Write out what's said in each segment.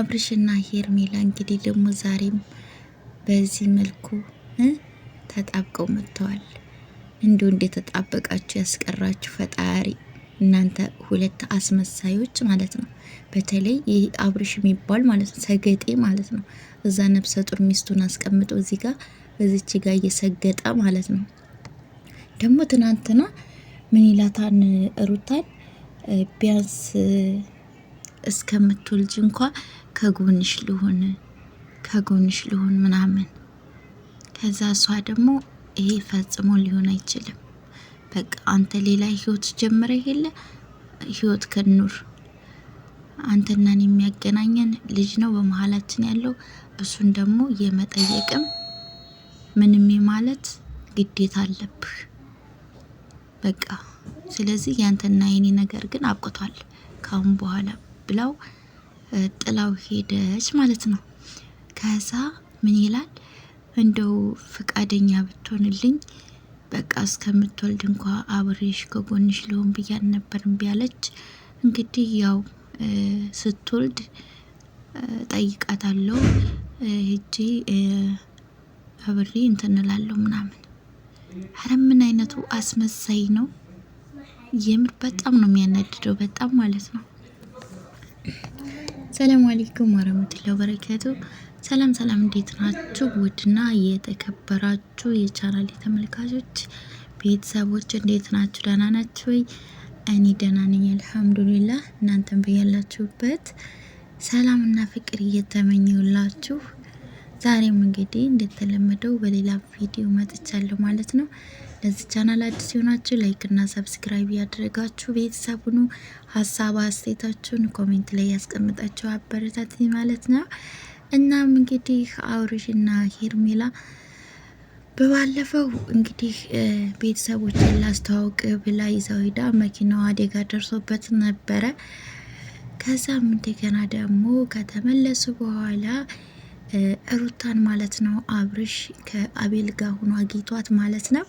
አብርሽና ሄርሜላ እንግዲህ ደግሞ ዛሬም በዚህ መልኩ ተጣብቀው መጥተዋል። እንዲሁ እንደተጣበቃችሁ ያስቀራችሁ ፈጣሪ እናንተ ሁለት አስመሳዮች ማለት ነው። በተለይ ይህ አብርሽ የሚባል ማለት ነው ሰገጤ ማለት ነው። እዛ ነብሰ ጡር ሚስቱን አስቀምጦ እዚህ ጋር በዚች ጋር እየሰገጠ ማለት ነው። ደግሞ ትናንትና ምን ይላታን ሩታን ቢያንስ እስከምትወልጅ እንኳ ከጎንሽ ልሆን ከጎንሽ ልሆን ምናምን። ከዛ እሷ ደግሞ ይሄ ፈጽሞ ሊሆን አይችልም፣ በቃ አንተ ሌላ ህይወት ጀምረ የለ ህይወት ከኑር አንተናን የሚያገናኘን ልጅ ነው በመሀላችን ያለው። እሱን ደግሞ የመጠየቅም ምንም ማለት ግዴታ አለብህ በቃ። ስለዚህ ያንተና የኔ ነገር ግን አብቅቷል ካሁን በኋላ ብለው ጥላው ሄደች ማለት ነው። ከዛ ምን ይላል እንደው ፈቃደኛ ብትሆንልኝ በቃ እስከምትወልድ እንኳ አብሬሽ ከጎንሽ ልሆን ብያን ነበር ቢያለች እንግዲህ ያው ስትወልድ ጠይቃታለሁ ሄጄ አብሬ እንትንላለሁ ምናምን። አረ ምን አይነቱ አስመሳይ ነው! የምር በጣም ነው የሚያናድደው፣ በጣም ማለት ነው። ሰላም አለይኩም ወረህመቱላሂ ወበረካቱ። ሰላም ሰላም፣ እንዴት ናችሁ? ውድና የተከበራችሁ የቻናል ተመልካቾች ቤተሰቦች እንዴት ናችሁ? ደህና ናችሁ ወይ? እኔ ደህና ነኝ አልሐምዱሊላህ። እናንተም በያላችሁበት ሰላምና ፍቅር እየተመኘሁላችሁ ዛሬም እንግዲህ እንደተለመደው በሌላ ቪዲዮ መጥቻለሁ ማለት ነው። ለዚህ ቻናል አዲስ የሆናችሁ ላይክ እና ሰብስክራይብ ያደረጋችሁ ቤተሰብ ሁኑ። ሀሳብ አስተያየታችሁን ኮሜንት ላይ ያስቀምጣችሁ አበረታት ማለት ነው። እናም እንግዲህ አብርሽ እና ሄርሜላ በባለፈው እንግዲህ ቤተሰቦች ላስተዋውቅ ብላ ይዘው ሂዳ አደጋ ደርሶበት ነበረ። ከዛም እንደገና ደግሞ ከተመለሱ በኋላ ሩታን ማለት ነው አብርሽ ከአቤል ጋር ሆኖ አግኝቷት ማለት ነው።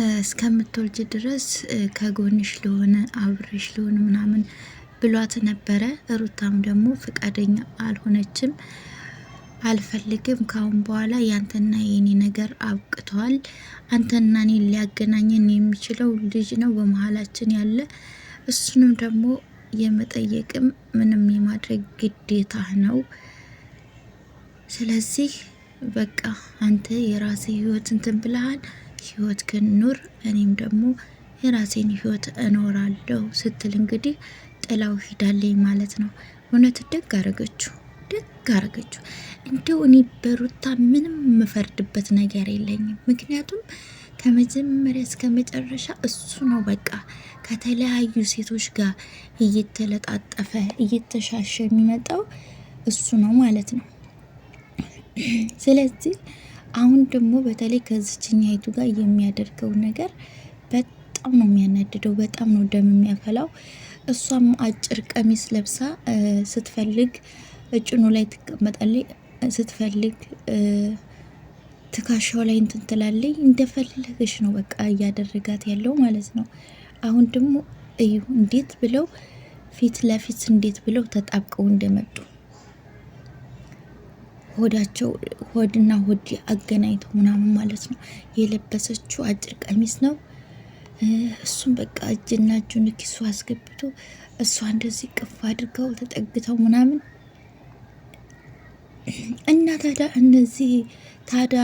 እስከምትወልጅ ድረስ ከጎንሽ ለሆነ አብሬሽ ለሆነ ምናምን ብሏት ነበረ። ሩታም ደግሞ ፈቃደኛ አልሆነችም። አልፈልግም፣ ካሁን በኋላ ያንተና የኔ ነገር አብቅተዋል። አንተና እኔ ሊያገናኘን የሚችለው ልጅ ነው በመሀላችን ያለ እሱንም ደግሞ የመጠየቅም ምንም የማድረግ ግዴታ ነው። ስለዚህ በቃ አንተ የራስህ ህይወት እንትን ብለሃል። ህይወት ግን ኑር፣ እኔም ደግሞ የራሴን ህይወት እኖራለሁ ስትል እንግዲህ ጥላው ሂዳለኝ ማለት ነው። እውነት ደግ አረገችው፣ ደግ አረገችው። እንደው እኔ በሩታ ምንም የምፈርድበት ነገር የለኝም። ምክንያቱም ከመጀመሪያ እስከ መጨረሻ እሱ ነው በቃ ከተለያዩ ሴቶች ጋር እየተለጣጠፈ እየተሻሸ የሚመጣው እሱ ነው ማለት ነው። ስለዚህ አሁን ደግሞ በተለይ አይቱ ጋር የሚያደርገው ነገር በጣም ነው የሚያናድደው። በጣም ነው ደም የሚያፈላው። እሷም አጭር ቀሚስ ለብሳ ስትፈልግ እጭኑ ላይ ትቀመጣለች፣ ስትፈልግ ትካሻው ላይ እንትን ትላለች። እንደፈለገች ነው በቃ እያደረጋት ያለው ማለት ነው። አሁን ደግሞ እዩ እንዴት ብለው ፊት ለፊት እንዴት ብለው ተጣብቀው እንደመጡ ሆዳቸው ሆድና ሆድ አገናኝተው ምናምን ማለት ነው። የለበሰችው አጭር ቀሚስ ነው። እሱም በቃ እጅና እጁን ኪሱ አስገብቶ እሷ እንደዚህ ቅፍ አድርገው ተጠግተው ምናምን እና ታዲያ እነዚህ ታዲያ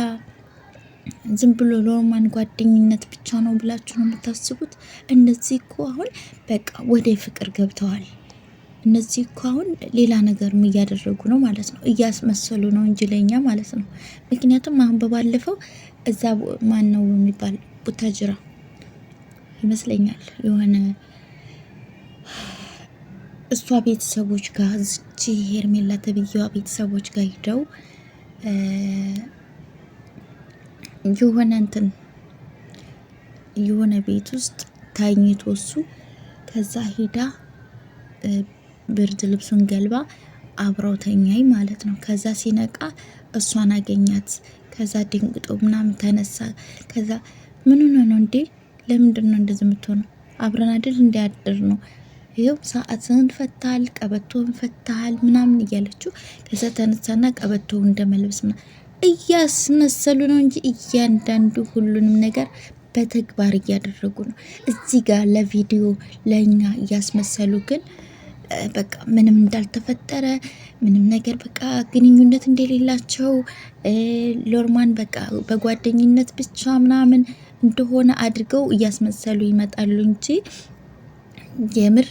ዝም ብሎ ሎማን ጓደኝነት ብቻ ነው ብላችሁ ነው የምታስቡት? እነዚህ እኮ አሁን በቃ ወደ ፍቅር ገብተዋል። እነዚህ እኮ አሁን ሌላ ነገርም እያደረጉ ነው ማለት ነው፣ እያስመሰሉ ነው እንጂ ለኛ ማለት ነው። ምክንያቱም አሁን በባለፈው እዛ ማን ነው የሚባል ቡታጅራ ይመስለኛል የሆነ እሷ ቤተሰቦች ጋር እቺ ሄርሜላ ተብዬዋ ቤተሰቦች ጋር ሂደው የሆነ እንትን የሆነ ቤት ውስጥ ታኝቶ እሱ ከዛ ሂዳ ብርድ ልብሱን ገልባ አብረው ተኛይ ማለት ነው። ከዛ ሲነቃ እሷን አገኛት። ከዛ ድንግጦ ምናምን ተነሳ። ከዛ ምን ሆነ ነው እንዴ? ለምንድን ነው እንደዚህ የምትሆነው? አብረን አይደል እንዲያድር ነው ይኸው ሰዓትን ፈታል፣ ቀበቶን ፈታል ምናምን እያለችው ከዛ ተነሳና ቀበቶ እንደመልበስ ምና እያስመሰሉ ነው እንጂ እያንዳንዱ ሁሉንም ነገር በተግባር እያደረጉ ነው። እዚህ ጋር ለቪዲዮ ለእኛ እያስመሰሉ ግን በቃ ምንም እንዳልተፈጠረ ምንም ነገር በቃ ግንኙነት እንደሌላቸው ሎርማን በቃ በጓደኝነት ብቻ ምናምን እንደሆነ አድርገው እያስመሰሉ ይመጣሉ እንጂ የምር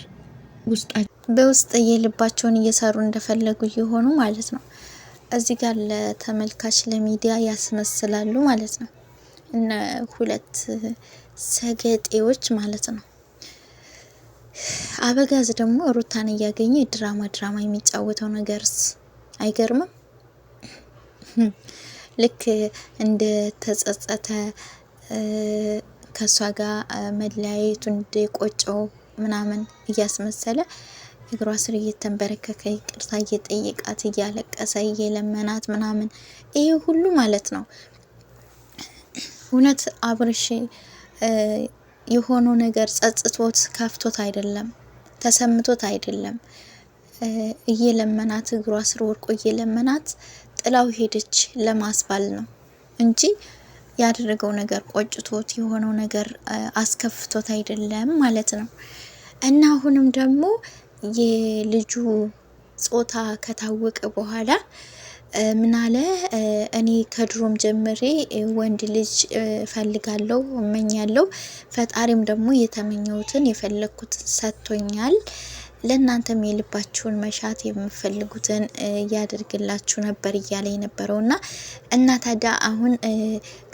ውስጣቸው በውስጥ የልባቸውን እየሰሩ እንደፈለጉ እየሆኑ ማለት ነው። እዚህ ጋር ለተመልካች ለሚዲያ ያስመስላሉ ማለት ነው። እነ ሁለት ሰገጤዎች ማለት ነው። አበጋዝ ደግሞ ሩታን እያገኘ ድራማ ድራማ የሚጫወተው ነገርስ አይገርምም? ልክ እንደ ተጸጸተ ከእሷ ጋር መለያየቱ እንደ ቆጨው ምናምን እያስመሰለ እግሯ ስር እየተንበረከከ ይቅርታ እየጠየቃት እያለቀሰ እየለመናት ምናምን ይሄ ሁሉ ማለት ነው እውነት አብርሽ የሆኑ ነገር ጸጽቶት ከፍቶት አይደለም፣ ተሰምቶት አይደለም። እየለመናት እግሯ ስር ወርቆ እየለመናት ጥላው ሄደች ለማስባል ነው እንጂ ያደረገው ነገር ቆጭቶት የሆነው ነገር አስከፍቶት አይደለም ማለት ነው። እና አሁንም ደግሞ የልጁ ጾታ ከታወቀ በኋላ ምናለ እኔ ከድሮም ጀምሬ ወንድ ልጅ ፈልጋለው እመኛለው። ፈጣሪም ደግሞ የተመኘሁትን የፈለግኩትን ሰጥቶኛል። ለእናንተም የልባችሁን መሻት የምፈልጉትን እያደርግላችሁ ነበር እያለ የነበረው እና እና ታዲያ አሁን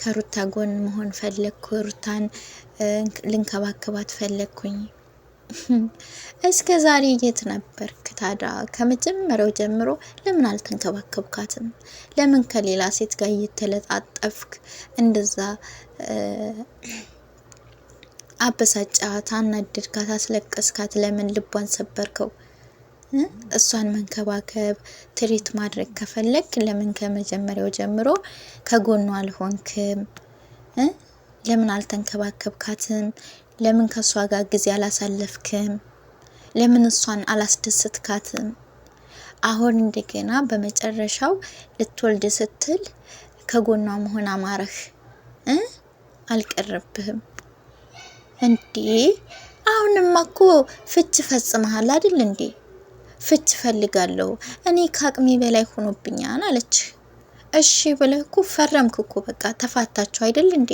ከሩታ ጎን መሆን ፈለግኩ። ሩታን ልንከባከባት ፈለግኩኝ እስከ ዛሬ የት ነበርክ ታዲያ? ከመጀመሪያው ጀምሮ ለምን አልተንከባከብካትም? ለምን ከሌላ ሴት ጋር እየተለጣጠፍክ እንደዛ አበሳጫት፣ አናደድካት፣ አስለቀስካት? ለምን ልቧን ሰበርከው? እሷን መንከባከብ ትሪት ማድረግ ከፈለግ ለምን ከመጀመሪያው ጀምሮ ከጎኗ አልሆንክም? ለምን አልተንከባከብካትም? ለምን ከእሷ ጋር ጊዜ አላሳለፍክም? ለምን እሷን አላስደስትካትም? አሁን እንደገና በመጨረሻው ልትወልድ ስትል ከጎኗ መሆን አማረህ እ አልቀረብህም እንዴ? አሁንማ እኮ ፍች ፈጽመሃል አይደል እንዴ? ፍች ፈልጋለሁ እኔ ከአቅሜ በላይ ሆኖብኛል አለች። እሺ ብለህ እኮ ፈረምክ እኮ በቃ ተፋታችሁ አይደል እንዴ?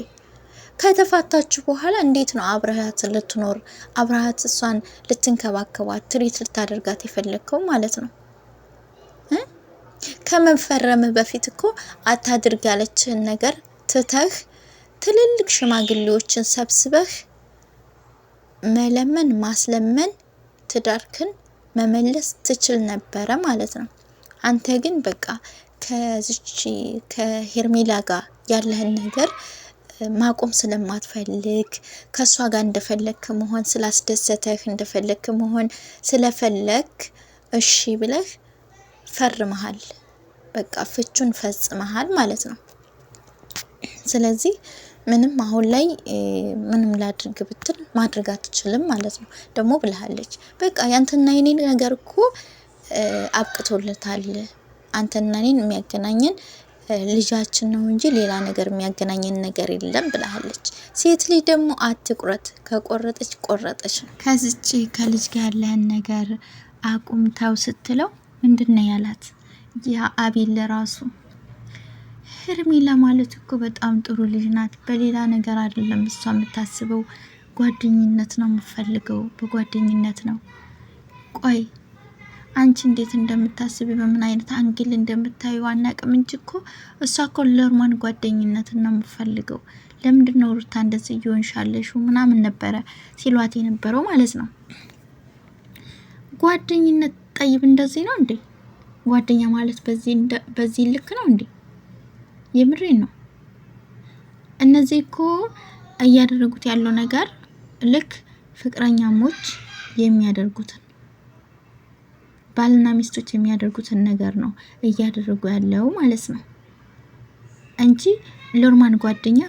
ከተፋታችሁ በኋላ እንዴት ነው አብረሃት ልትኖር አብረሃት እሷን ልትንከባከባት ትሪት ልታደርጋት የፈለግከው ማለት ነው? ከመንፈረም በፊት እኮ አታድርግ ያለችህን ነገር ትተህ ትልልቅ ሽማግሌዎችን ሰብስበህ መለመን ማስለመን ትዳርክን መመለስ ትችል ነበረ ማለት ነው። አንተ ግን በቃ ከዚች ከሄርሜላ ጋር ያለህን ነገር ማቆም ስለማትፈልግ ከእሷ ጋር እንደፈለግክ መሆን ስላስደሰተህ እንደፈለግክ መሆን ስለፈለግ እሺ ብለህ ፈርመሃል። በቃ ፍቹን ፈጽመሃል ማለት ነው። ስለዚህ ምንም አሁን ላይ ምንም ላድርግ ብትል ማድረግ አትችልም ማለት ነው። ደግሞ ብልሃለች በቃ ያንተና የኔ ነገር እኮ አብቅቶለታል። አንተና እኔን የሚያገናኘን ልጃችን ነው እንጂ ሌላ ነገር የሚያገናኘን ነገር የለም ብላለች። ሴት ልጅ ደግሞ አትቁረጥ፣ ከቆረጠች ቆረጠች። ከዚች ከልጅ ጋር ያለህን ነገር አቁምታው ስትለው ምንድን ነው ያላት? ያ አቤል ራሱ ሄርሜላ ማለት እኮ በጣም ጥሩ ልጅ ናት። በሌላ ነገር አይደለም እሷ የምታስበው ጓደኝነት ነው የምፈልገው፣ በጓደኝነት ነው ቆይ አንቺ እንዴት እንደምታስቢ በምን አይነት አንግል እንደምታዩ አናቅም እንጂ እኮ እሷ እኮ ለርማን ጓደኝነትን ነው የምፈልገው። ለምንድን ነው ሩታ እንደዚህ እየሆንሻለሹ ምናምን ነበረ ሲሏት የነበረው ማለት ነው። ጓደኝነት ጠይብ እንደዚህ ነው እንዴ? ጓደኛ ማለት በዚህ ልክ ነው እንዴ? የምሬን ነው። እነዚህ እኮ እያደረጉት ያለው ነገር ልክ ፍቅረኛሞች የሚያደርጉትን ባልና ሚስቶች የሚያደርጉትን ነገር ነው እያደረጉ ያለው ማለት ነው እንጂ ሎርማን ጓደኛ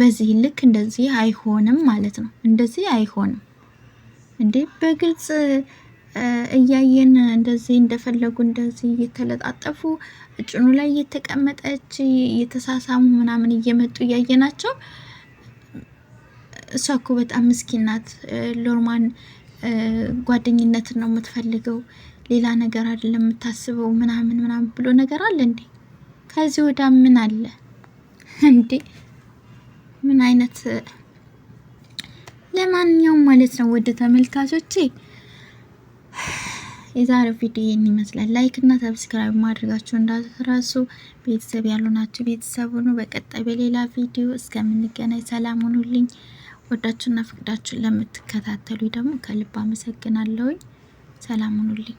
በዚህ ልክ እንደዚህ አይሆንም ማለት ነው። እንደዚህ አይሆንም እንዴ! በግልጽ እያየን እንደዚህ እንደፈለጉ እንደዚህ እየተለጣጠፉ ጭኑ ላይ እየተቀመጠች እየተሳሳሙ ምናምን እየመጡ እያየናቸው እሷ እኮ በጣም ምስኪን ናት። ሎርማን ጓደኝነትን ነው የምትፈልገው ሌላ ነገር አይደለም የምታስበው ምናምን ምናምን ብሎ ነገር አለ እንዴ? ከዚህ ወዳ ምን አለ እንዴ? ምን አይነት ለማንኛውም ማለት ነው ወደ ተመልካቾቼ የዛሬው ቪዲዮ ይህን ይመስላል። ላይክ እና ሰብስክራይብ ማድረጋችሁ እንዳትረሱ። ቤተሰብ ያሉ ናቸው። ቤተሰብ ሁኑ። በቀጣይ በሌላ ቪዲዮ እስከምንገናኝ ሰላም ሁኑልኝ። ወዳችሁና ፍቅዳችሁን ለምትከታተሉ ደግሞ ከልብ አመሰግናለሁኝ። ሰላም ሁኑልኝ።